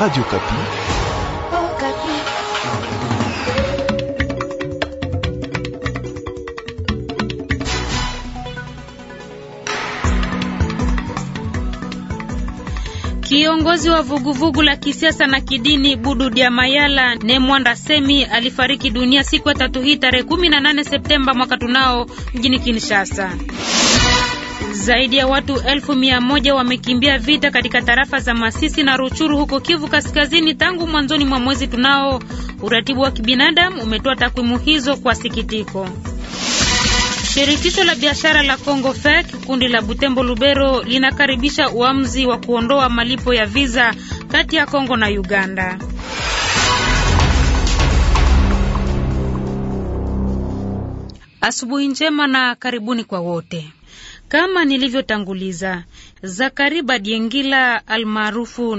Radio Okapi. Kiongozi wa vuguvugu la kisiasa na kidini Budu Diamayala Nemwanda Semi alifariki dunia siku ya tatu hii tarehe 18 Septemba mwaka tunao mjini Kinshasa. Zaidi ya watu elfu mia moja wamekimbia vita katika tarafa za Masisi na Ruchuru huko Kivu Kaskazini tangu mwanzoni mwa mwezi tunao. Uratibu wa kibinadamu umetoa takwimu hizo kwa sikitiko. Shirikisho la biashara la Kongo FEC kundi la Butembo Lubero linakaribisha uamuzi wa kuondoa malipo ya visa kati ya Kongo na Uganda. Asubuhi njema na karibuni kwa wote. Kama nilivyotanguliza, Zakari Badiengila almaarufu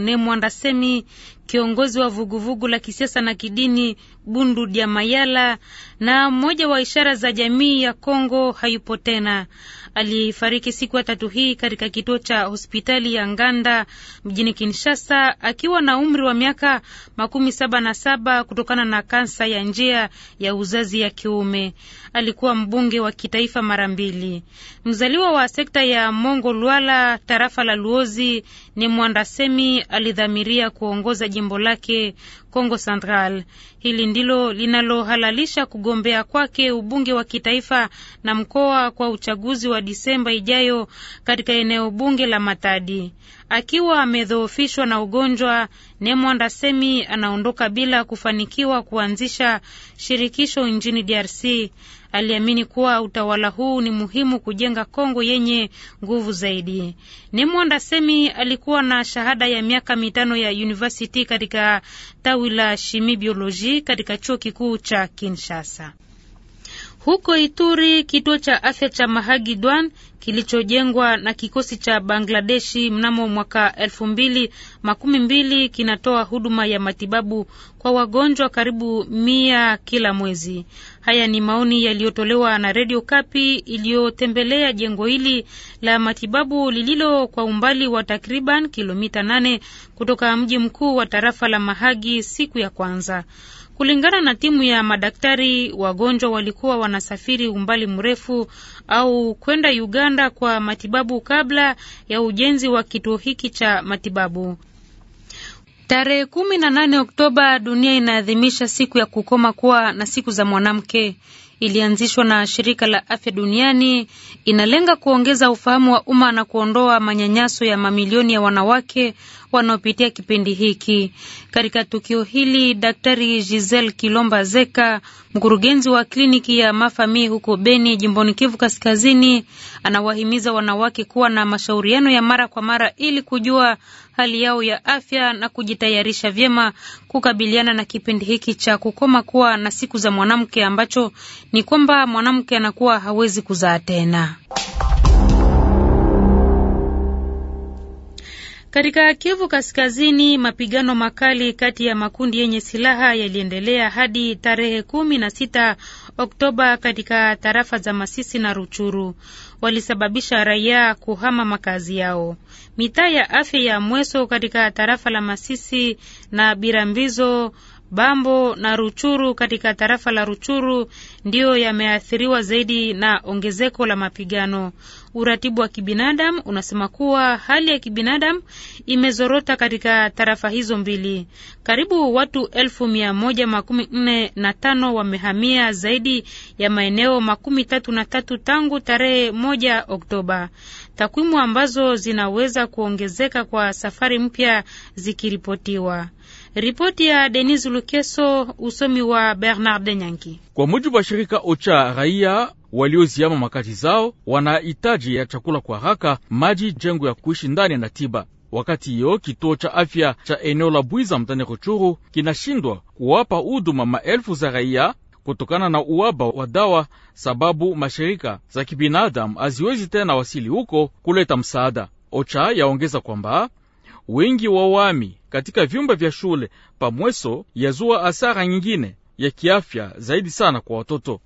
semi kiongozi wa vuguvugu la kisiasa na kidini Bundu Dia Mayala, na mmoja wa ishara za jamii ya Kongo hayupo tena. Alifariki siku ya tatu hii katika kituo cha hospitali ya Nganda mjini Kinshasa akiwa na umri wa miaka makumi saba na saba kutokana na kansa ya njia ya uzazi ya kiume. Alikuwa mbunge wa kitaifa mara mbili. Mzaliwa wa sekta ya Mongo Lwala, tarafa la Luozi, ni Mwandasemi alidhamiria kuongoza jimbo lake congo Central. Hili ndilo linalohalalisha kugombea kwake ubunge wa kitaifa na mkoa kwa uchaguzi wa Disemba ijayo katika eneo bunge la Matadi akiwa amedhoofishwa na ugonjwa. nemwandasemi anaondoka bila kufanikiwa kuanzisha shirikisho nchini DRC. Aliamini kuwa utawala huu ni muhimu kujenga Kongo yenye nguvu zaidi. Nemo alikuwa na shahada ya miaka mitano ya university katika tawi la shimi bioloji katika chuo kikuu cha Kinshasa. Huko Ituri, kituo cha afya cha Mahagi Dwan kilichojengwa na kikosi cha Bangladeshi mnamo mwaka elfu mbili makumi mbili kinatoa huduma ya matibabu kwa wagonjwa karibu mia kila mwezi. Haya ni maoni yaliyotolewa na Redio Kapi iliyotembelea jengo hili la matibabu lililo kwa umbali wa takriban kilomita nane kutoka mji mkuu wa tarafa la Mahagi siku ya kwanza. Kulingana na timu ya madaktari, wagonjwa walikuwa wanasafiri umbali mrefu au kwenda Uganda kwa matibabu kabla ya ujenzi wa kituo hiki cha matibabu. Tarehe kumi na nane Oktoba, dunia inaadhimisha siku ya kukoma kuwa na siku za mwanamke. Ilianzishwa na shirika la afya duniani, inalenga kuongeza ufahamu wa umma na kuondoa manyanyaso ya mamilioni ya wanawake wanaopitia kipindi hiki. Katika tukio hili, Daktari Giselle Kilomba Zeka, mkurugenzi wa kliniki ya mafami huko Beni, jimboni Kivu Kaskazini, anawahimiza wanawake kuwa na mashauriano ya mara kwa mara ili kujua hali yao ya afya na kujitayarisha vyema kukabiliana na kipindi hiki cha kukoma kuwa na siku za mwanamke ambacho ni kwamba mwanamke anakuwa hawezi kuzaa tena. Katika Kivu Kaskazini, mapigano makali kati ya makundi yenye silaha yaliendelea hadi tarehe kumi na sita Oktoba katika tarafa za Masisi na Ruchuru, walisababisha raia kuhama makazi yao. Mitaa ya afya ya Mweso katika tarafa la Masisi na Birambizo Bambo na Ruchuru katika tarafa la Ruchuru ndiyo yameathiriwa zaidi na ongezeko la mapigano. Uratibu wa kibinadamu unasema kuwa hali ya kibinadamu imezorota katika tarafa hizo mbili. Karibu watu elfu mia moja makumi nne na tano wamehamia zaidi ya maeneo makumi tatu na tatu tangu tarehe moja Oktoba, takwimu ambazo zinaweza kuongezeka kwa safari mpya zikiripotiwa. Ripoti ya Denis Lukeso, usomi wa Bernard Nyangi. Kwa mujibu wa shirika OCHA, raia walioziama makazi zao wanahitaji ya chakula kwa haraka, maji, jengo ya kuishi ndani na tiba. Wakati hiyo kituo cha afya cha eneo la Bwiza mtani Ruchuru kinashindwa kuwapa huduma maelfu za raia kutokana na uwaba wa dawa, sababu mashirika za kibinadamu haziwezi tena wasili huko kuleta msaada. OCHA yaongeza kwamba wengi wa wami katika vyumba vya shule pamweso yazua asara nyingine ya kiafya zaidi sana kwa watoto.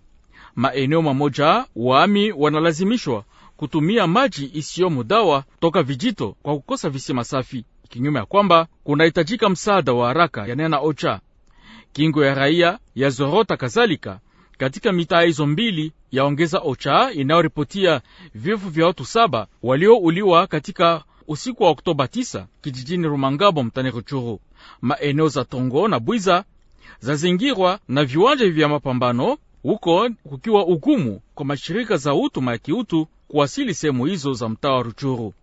Maeneo mamoja waami wanalazimishwa kutumia maji isiyomo dawa toka vijito kwa kukosa visima safi, kinyume ya kwamba kunahitajika msaada wa haraka yanena OCHA. Kingo ya raia yazorota kadhalika katika mitaa hizo mbili yaongeza OCHA inayoripotia vifo vya watu saba waliouliwa katika usiku wa Oktoba 9 kijijini Rumangabo mtani Ruchuru. Maeneo za Tongo na Bwiza zazingirwa na viwanja vya mapambano, huko kukiwa ugumu kwa mashirika za utuma ya kiutu kuwasili sehemu hizo za mtaa wa Ruchuru.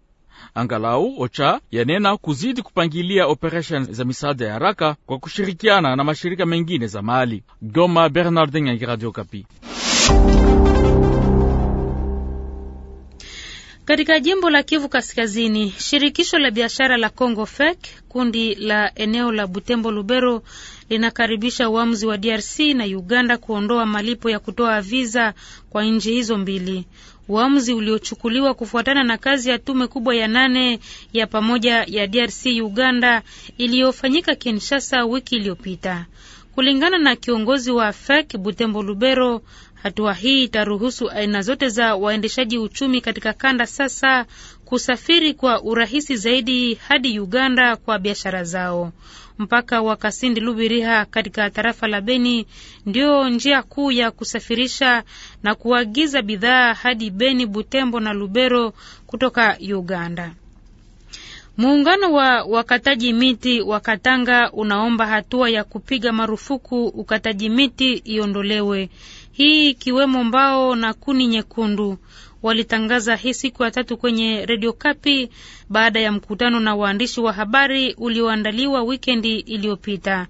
Angalau OCHA yanena kuzidi kupangilia operesheni za misaada ya haraka kwa kushirikiana na mashirika mengine za mali. Goma, Bernardin ya Radio Kapi. Katika jimbo la Kivu Kaskazini, shirikisho la biashara la Congo FEC kundi la eneo la Butembo Lubero linakaribisha uamuzi wa DRC na Uganda kuondoa malipo ya kutoa viza kwa nchi hizo mbili, uamuzi uliochukuliwa kufuatana na kazi ya tume kubwa ya nane ya pamoja ya DRC Uganda iliyofanyika Kinshasa wiki iliyopita. Kulingana na kiongozi wa FEC Butembo Lubero, Hatua hii itaruhusu aina zote za waendeshaji uchumi katika kanda sasa kusafiri kwa urahisi zaidi hadi Uganda kwa biashara zao. Mpaka wa Kasindi Lubiriha katika tarafa la Beni ndio njia kuu ya kusafirisha na kuagiza bidhaa hadi Beni, Butembo na Lubero kutoka Uganda. Muungano wa wakataji miti wa Katanga unaomba hatua ya kupiga marufuku ukataji miti iondolewe hii ikiwemo mbao na kuni nyekundu. Walitangaza hii siku ya tatu kwenye redio Kapi baada ya mkutano na waandishi wa habari ulioandaliwa wikendi iliyopita.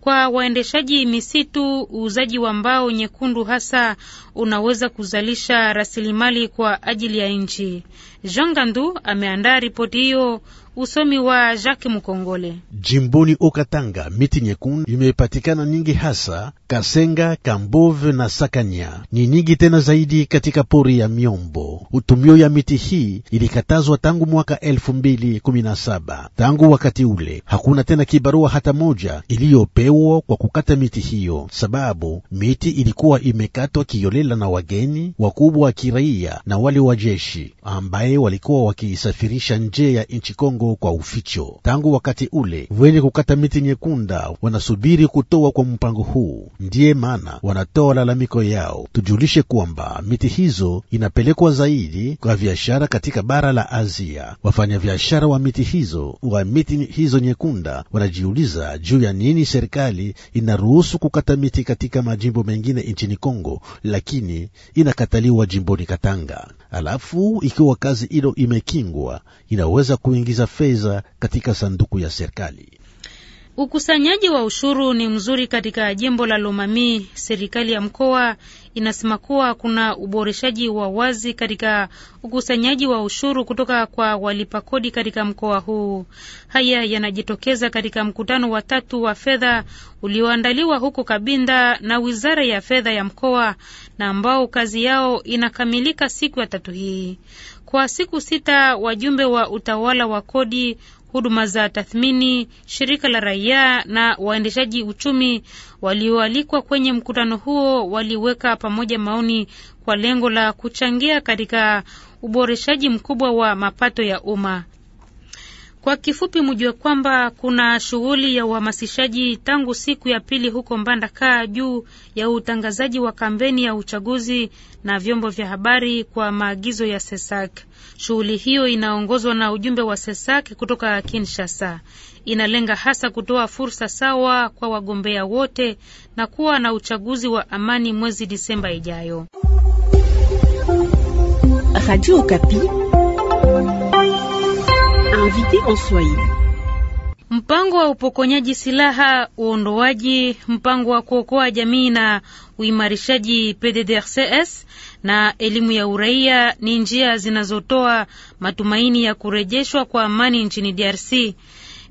Kwa waendeshaji misitu, uuzaji wa mbao nyekundu hasa unaweza kuzalisha rasilimali kwa ajili ya nchi. Jean Gandu ameandaa ripoti hiyo. Usomi wa Jacques Mukongole. Jimboni Okatanga, miti nyekundu imepatikana nyingi, hasa Kasenga, Kambove na Sakanya, ni nyingi tena zaidi katika pori ya Miombo. Utumio ya miti hii ilikatazwa tangu mwaka elfu mbili kumi na saba. Tangu wakati ule hakuna tena kibarua hata moja iliyopewa kwa kukata miti hiyo, sababu miti ilikuwa imekatwa kiolela na wageni wakubwa wa kiraia na wale wa jeshi ambaye walikuwa wakiisafirisha nje ya nchi Kongo kwa uficho tangu wakati ule. Wenye kukata miti nyekunda wanasubiri kutoa kwa mpango huu, ndiye maana wanatoa lalamiko yao. Tujulishe kwamba miti hizo inapelekwa zaidi kwa biashara katika bara la Asia. Wafanyabiashara wa miti hizo wa miti hizo nyekunda wanajiuliza juu ya nini serikali inaruhusu kukata miti katika majimbo mengine nchini Kongo, lakini inakataliwa jimboni Katanga. Alafu ikiwa kazi hilo imekingwa, inaweza kuingiza fedha katika sanduku ya serikali. Ukusanyaji wa ushuru ni mzuri katika jimbo la Lomami. Serikali ya mkoa inasema kuwa kuna uboreshaji wa wazi katika ukusanyaji wa ushuru kutoka kwa walipa kodi katika mkoa huu. Haya yanajitokeza katika mkutano wa tatu wa fedha ulioandaliwa huko Kabinda na Wizara ya Fedha ya mkoa na ambao kazi yao inakamilika siku ya tatu hii. Kwa siku sita wajumbe wa utawala wa kodi, huduma za tathmini, shirika la raia na waendeshaji uchumi walioalikwa kwenye mkutano huo waliweka pamoja maoni kwa lengo la kuchangia katika uboreshaji mkubwa wa mapato ya umma. Kwa kifupi, mjue kwamba kuna shughuli ya uhamasishaji tangu siku ya pili huko Mbandaka juu ya utangazaji wa kampeni ya uchaguzi na vyombo vya habari kwa maagizo ya SESAK. Shughuli hiyo inaongozwa na ujumbe wa SESAK kutoka Kinshasa. Inalenga hasa kutoa fursa sawa kwa wagombea wote na kuwa na uchaguzi wa amani mwezi Disemba ijayo. Radio invité en Swahili. Mpango wa upokonyaji silaha, uondoaji, mpango wa kuokoa jamii na uimarishaji PDDRCS na elimu ya uraia ni njia zinazotoa matumaini ya kurejeshwa kwa amani nchini DRC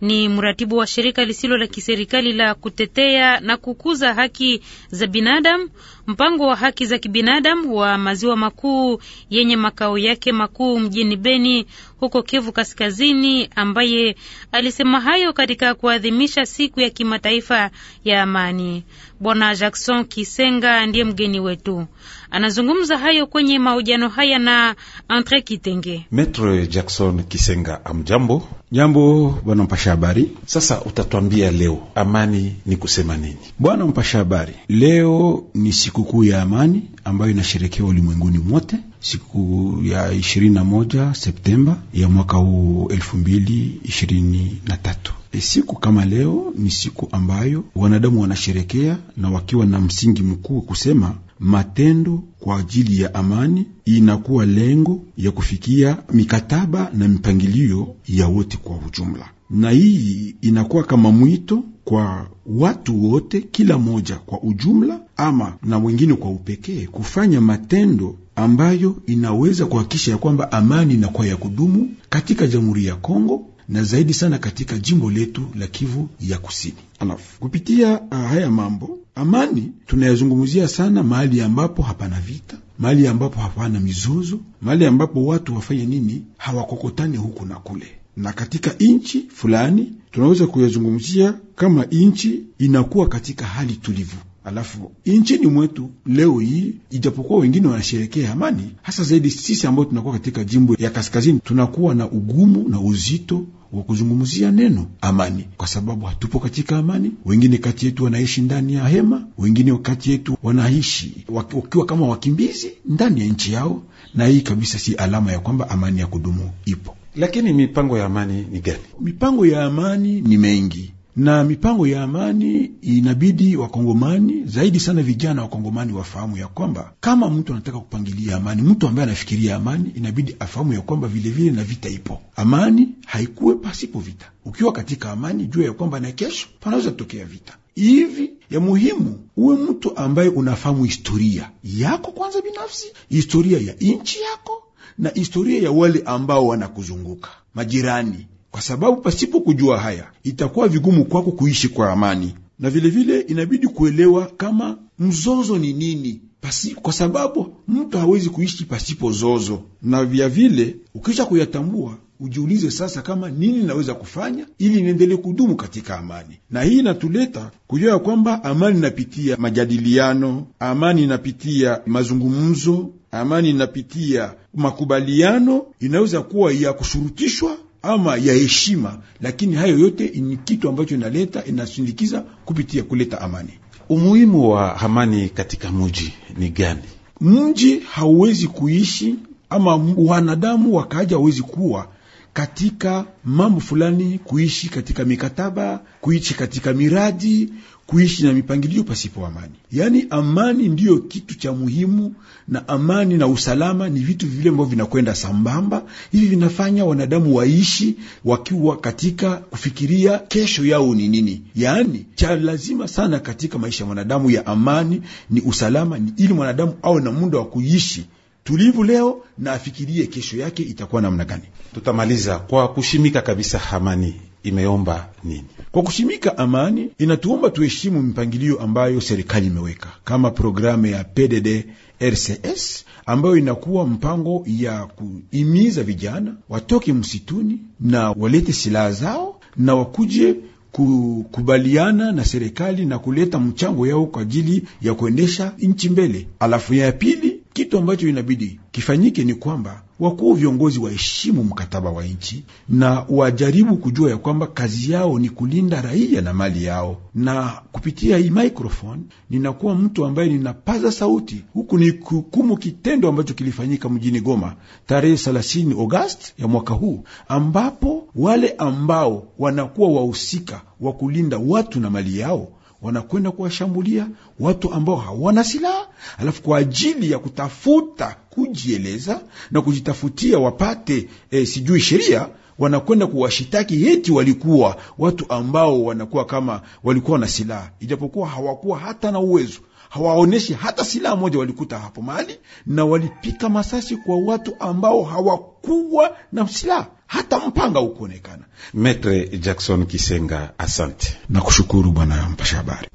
ni mratibu wa shirika lisilo la kiserikali la kutetea na kukuza haki za binadamu, mpango wa haki za kibinadamu wa maziwa makuu yenye makao yake makuu mjini Beni huko Kivu Kaskazini, ambaye alisema hayo katika kuadhimisha siku ya kimataifa ya amani. Bwana Jackson Kisenga ndiye mgeni wetu. Anazungumza hayo kwenye mahojiano haya na Andre Kitenge. Maitre Jackson Kisenga, amjambo. Jambo bwana mpasha habari. Sasa utatwambia leo amani ni kusema nini? Bwana mpasha habari, leo ni sikukuu ya amani ambayo inasherekewa ulimwenguni mwote siku ya 21 Septemba ya mwaka huu 2023. E, siku kama leo ni siku ambayo wanadamu wanasherekea na wakiwa na msingi mkuu kusema matendo kwa ajili ya amani inakuwa lengo ya kufikia mikataba na mipangilio ya wote kwa ujumla, na hii inakuwa kama mwito kwa watu wote, kila moja kwa ujumla ama na wengine kwa upekee, kufanya matendo ambayo inaweza kuhakikisha ya kwamba amani inakuwa ya kudumu katika Jamhuri ya Kongo na zaidi sana katika jimbo letu la Kivu ya Kusini. Alafu kupitia ah, haya mambo Amani tunayazungumzia sana mahali ambapo hapana vita, mahali ambapo hapana mizozo, mahali ambapo watu wafanye nini, hawakokotane huku na kule. Na katika nchi fulani tunaweza kuyazungumzia kama nchi inakuwa katika hali tulivu, Alafu nchini mwetu leo hii, ijapokuwa wengine wanasherekea amani, hasa zaidi sisi ambao tunakuwa katika jimbo ya kaskazini, tunakuwa na ugumu na uzito wa kuzungumzia neno amani, kwa sababu hatupo katika amani. Wengine kati yetu wanaishi ndani ya hema, wengine kati yetu wanaishi wakiwa kama wakimbizi ndani ya nchi yao, na hii kabisa si alama ya kwamba amani ya kudumu ipo. Lakini mipango ya amani ni gani? Mipango ya amani ni mengi na mipango ya amani inabidi Wakongomani zaidi sana vijana Wakongomani wafahamu ya kwamba kama mtu anataka kupangilia amani, mtu ambaye anafikiria amani inabidi afahamu ya kwamba vilevile vile na vita ipo. Amani haikuwe pasipo vita. Ukiwa katika amani, jua ya kwamba na kesho panaweza kutokea vita hivi ya muhimu uwe mtu ambaye unafahamu historia yako kwanza, binafsi, historia ya nchi yako na historia ya wale ambao wanakuzunguka majirani kwa sababu pasipo kujua haya itakuwa vigumu kwako kuishi kwa amani, na vilevile vile inabidi kuelewa kama mzozo ni nini pasi, kwa sababu mtu hawezi kuishi pasipo zozo, na vya vile ukisha kuyatambua ujiulize sasa kama nini naweza kufanya ili niendelee kudumu katika amani. Na hii inatuleta kujua ya kwamba amani inapitia majadiliano, amani inapitia mazungumzo, amani inapitia makubaliano, inaweza kuwa ya kushurutishwa ama ya heshima, lakini hayo yote ni kitu ambacho inaleta inasindikiza kupitia kuleta amani. Umuhimu wa amani katika mji ni gani? Mji hauwezi kuishi ama wanadamu wakaaja hawezi kuwa katika mambo fulani, kuishi katika mikataba, kuishi katika miradi, kuishi na mipangilio pasipo amani. Yaani amani ndiyo kitu cha muhimu, na amani na usalama ni vitu vile ambavyo vinakwenda sambamba. Hivi vinafanya wanadamu waishi wakiwa katika kufikiria kesho yao ni nini. Yaani cha lazima sana katika maisha ya mwanadamu ya amani ni usalama, ni ili mwanadamu awe na muda wa kuishi tulivu leo na afikirie kesho yake itakuwa namna gani. Tutamaliza kwa kushimika kabisa amani imeomba nini? Kwa kushimika amani, inatuomba tuheshimu mipangilio ambayo serikali imeweka kama programu ya PDD RCS ambayo inakuwa mpango ya kuimiza vijana watoke msituni na walete silaha zao na wakuje kukubaliana na serikali na kuleta mchango yao kwa ajili ya kuendesha nchi mbele. Alafu ya pili kitu ambacho inabidi kifanyike ni kwamba wakuu viongozi waheshimu mkataba wa nchi na wajaribu kujua ya kwamba kazi yao ni kulinda raia na mali yao. Na kupitia hii microphone ninakuwa mtu ambaye ninapaza sauti huku ni kuhukumu kitendo ambacho kilifanyika mjini Goma tarehe 30 Agosti ya mwaka huu, ambapo wale ambao wanakuwa wahusika wa kulinda watu na mali yao wanakwenda kuwashambulia watu ambao hawana silaha, alafu kwa ajili ya kutafuta kujieleza na kujitafutia wapate e, sijui sheria, wanakwenda kuwashitaki heti walikuwa watu ambao wanakuwa kama walikuwa na silaha, ijapokuwa hawakuwa hata na uwezo hawaoneshi hata silaha moja walikuta hapo mahali, na walipika masasi kwa watu ambao hawakuwa na silaha hata mpanga ukuonekana. Metre Jackson Kisenga, asante na kushukuru bwana mpasha habari.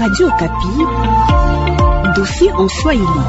Radio Kapi, dofi en Swahili.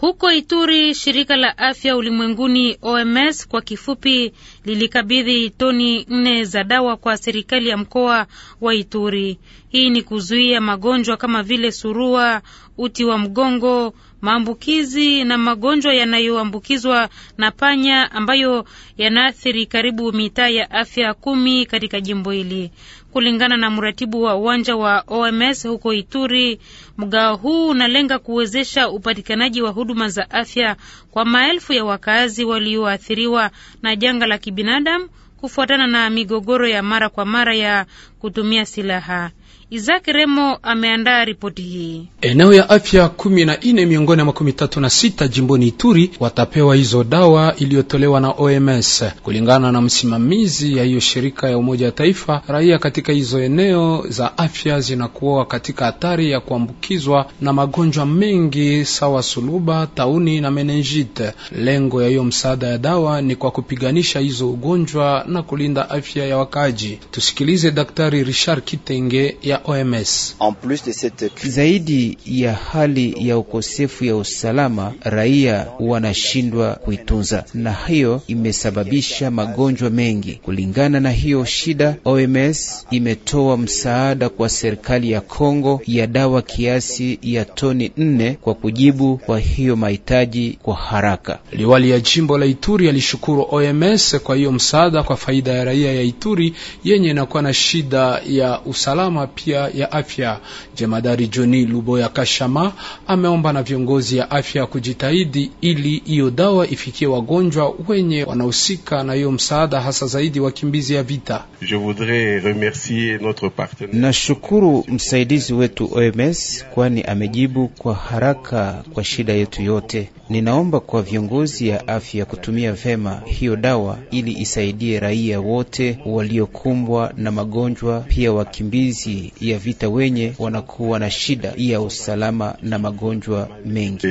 Huko Ituri, shirika la afya ulimwenguni OMS kwa kifupi lilikabidhi toni nne za dawa kwa serikali ya mkoa wa Ituri. Hii ni kuzuia magonjwa kama vile surua, uti wa mgongo, maambukizi na magonjwa yanayoambukizwa na panya ambayo yanaathiri karibu mitaa ya afya kumi katika jimbo hili, kulingana na mratibu wa uwanja wa OMS huko Ituri. Mgao huu unalenga kuwezesha upatikanaji wa huduma za afya kwa maelfu ya wakazi walioathiriwa na janga la kibinadamu kufuatana na migogoro ya mara kwa mara ya kutumia silaha. Isaac Remo ameandaa ripoti hii. Eneo ya afya kumi na nne miongoni mwa makumi tatu na sita jimboni Ituri watapewa hizo dawa iliyotolewa na OMS kulingana na msimamizi ya hiyo shirika ya Umoja wa Taifa. Raia katika hizo eneo za afya zinakuwa katika hatari ya kuambukizwa na magonjwa mengi sawa suluba, tauni na menenjite. Lengo ya hiyo msaada ya dawa ni kwa kupiganisha hizo ugonjwa na kulinda afya ya wakaaji. Tusikilize Daktari Richard Kitenge ya ya OMS. Zaidi ya hali ya ukosefu ya usalama, raia wanashindwa kuitunza, na hiyo imesababisha magonjwa mengi. Kulingana na hiyo shida, OMS imetoa msaada kwa serikali ya Kongo ya dawa kiasi ya toni nne kwa kujibu kwa hiyo mahitaji kwa haraka. Liwali ya jimbo la Ituri alishukuru OMS kwa hiyo msaada kwa faida ya raia ya Ituri yenye inakuwa na shida ya usalama pia mpya ya afya. Jemadari joni Luboya Kashama ameomba na viongozi ya afya kujitahidi ili hiyo dawa ifikie wagonjwa wenye wanahusika na hiyo msaada, hasa zaidi wakimbizi ya vita. Je voudrais remercier notre partenaire. Nashukuru msaidizi wetu OMS, kwani amejibu kwa haraka kwa shida yetu yote. Ninaomba kwa viongozi ya afya kutumia vema hiyo dawa ili isaidie raia wote waliokumbwa na magonjwa, pia wakimbizi ya vita wenye wanakuwa na shida ya usalama na magonjwa mengi.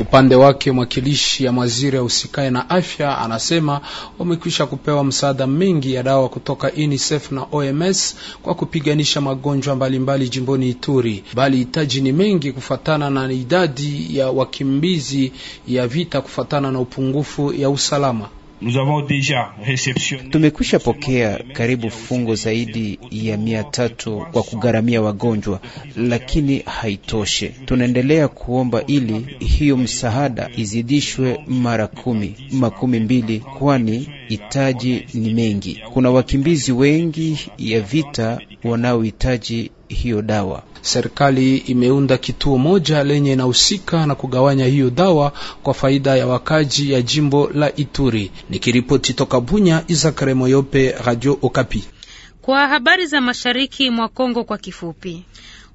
Upande wake mwakilishi ya mwaziri ya usikae na afya anasema wamekwisha kupewa msaada mengi ya dawa kutoka UNICEF na OMS kwa kupiganisha magonjwa mbalimbali mbali jimboni Ituri, bali hitaji ni mengi kufatana na idadi ya waki wakimbizi ya vita kufatana na upungufu ya usalama. Tumekwisha pokea karibu fungo zaidi ya mia tatu kwa kugharamia wagonjwa, lakini haitoshi. Tunaendelea kuomba ili hiyo msaada izidishwe mara kumi makumi mbili, kwani hitaji ni mengi. Kuna wakimbizi wengi ya vita wanaohitaji hiyo dawa. Serikali imeunda kituo moja lenye inahusika na kugawanya hiyo dawa kwa faida ya wakaji ya jimbo la Ituri. Nikiripoti toka Bunya, isakare Moyope, Radio Okapi. Kwa habari za mashariki mwa Kongo kwa kifupi.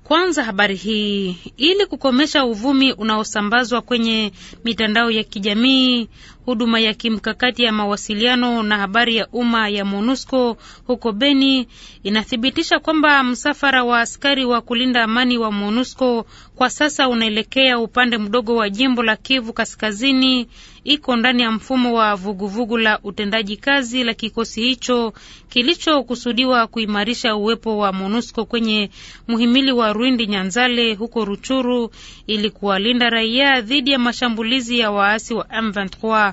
Kwanza habari hii, ili kukomesha uvumi unaosambazwa kwenye mitandao ya kijamii, huduma ya kimkakati ya mawasiliano na habari ya umma ya MONUSCO huko Beni inathibitisha kwamba msafara wa askari wa kulinda amani wa MONUSCO kwa sasa unaelekea upande mdogo wa jimbo la Kivu Kaskazini, iko ndani ya mfumo wa vuguvugu la utendaji kazi la kikosi hicho kilichokusudiwa kuimarisha uwepo wa MONUSCO kwenye muhimili wa Rwindi Nyanzale huko Ruchuru ili kuwalinda raia dhidi ya mashambulizi ya waasi wa M23.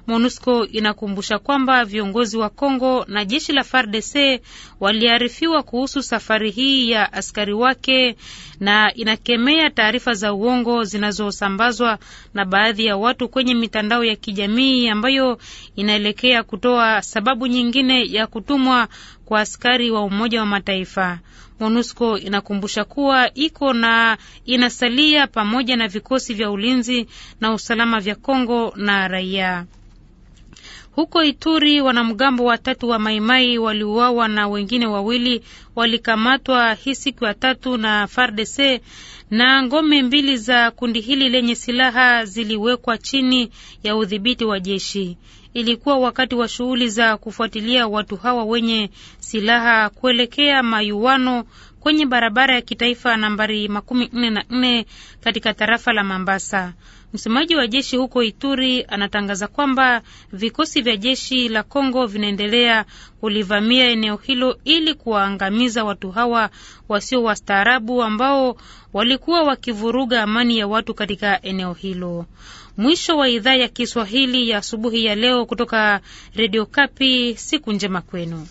MONUSCO inakumbusha kwamba viongozi wa Kongo na jeshi la FARDC waliarifiwa kuhusu safari hii ya askari wake na inakemea taarifa za uongo zinazosambazwa na baadhi ya watu kwenye mitandao ya kijamii ambayo inaelekea kutoa sababu nyingine ya kutumwa kwa askari wa Umoja wa Mataifa. MONUSCO inakumbusha kuwa iko na inasalia pamoja na vikosi vya ulinzi na usalama vya Kongo na raia. Huko Ituri, wanamgambo watatu wa Maimai waliuawa na wengine wawili walikamatwa hii siku ya tatu na FARDC na ngome mbili za kundi hili lenye silaha ziliwekwa chini ya udhibiti wa jeshi. Ilikuwa wakati wa shughuli za kufuatilia watu hawa wenye silaha kuelekea mayuwano kwenye barabara ya kitaifa nambari makumi nne na nne katika tarafa la Mambasa. Msemaji wa jeshi huko Ituri anatangaza kwamba vikosi vya jeshi la Kongo vinaendelea kulivamia eneo hilo ili kuwaangamiza watu hawa wasio wastaarabu ambao walikuwa wakivuruga amani ya watu katika eneo hilo. Mwisho wa idhaa ya Kiswahili ya asubuhi ya leo kutoka redio Kapi. Siku njema kwenu.